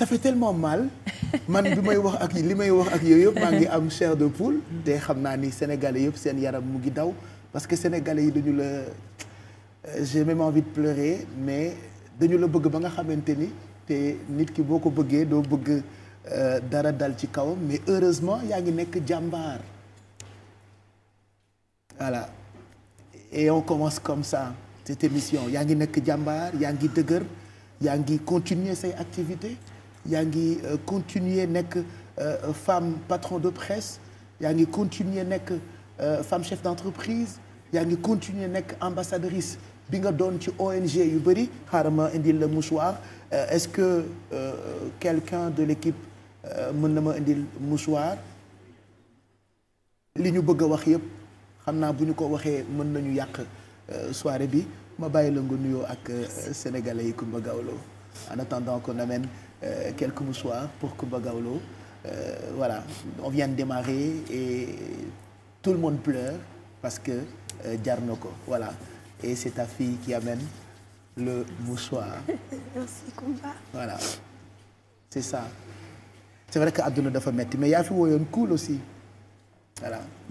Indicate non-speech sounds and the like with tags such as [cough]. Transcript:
ça fait tellement mal man bi may wax ak li may wax ak yooyu yëpp am chair de poule te xam ni sénégalais yëpp seen yaram mu daw parce que sénégalais yi dañu le. Euh, j'ai même envie de pleurer mais dañu le bëgg ba nga xamante ni te nit ki boo ko bëggee doo bëgg euh, dara dal ci kawam mais heureusement yaa ngi nekk jàmbaar voilà et on commence comme ça cette émission yaa ngi nekk jàmbaar yaa ngi dëgër yaa ngi continuer say activités yangi euh, continuer nek euh, femme patron de presse yaa continuer nek euh, femme chef d'entreprise yaa continuer nek ambassadrice bi nga doon ci ONG yu bari xaaral ma indil mouchoir est-ce que quelqu'un de l'équipe mën na ma indil mouchoir li ñu bëgg a wax yépp xam naa bu ñu ko waxee mën nañu yàq soirée bi ma bàyyi la nga nuyoo ak sénégalais yi Coumba Gawlo en attendant qu'on amène euh, quelques moussoirs pour Kumba euh, voilà, on vient de démarrer et tout le monde pleure parce que euh, voilà. Et c'est ta fille qui amène le moussoir. [laughs] Merci Kumba. Voilà, c'est ça. C'est vrai que Abdoulaye mettre, mais il y a un cool aussi. Voilà.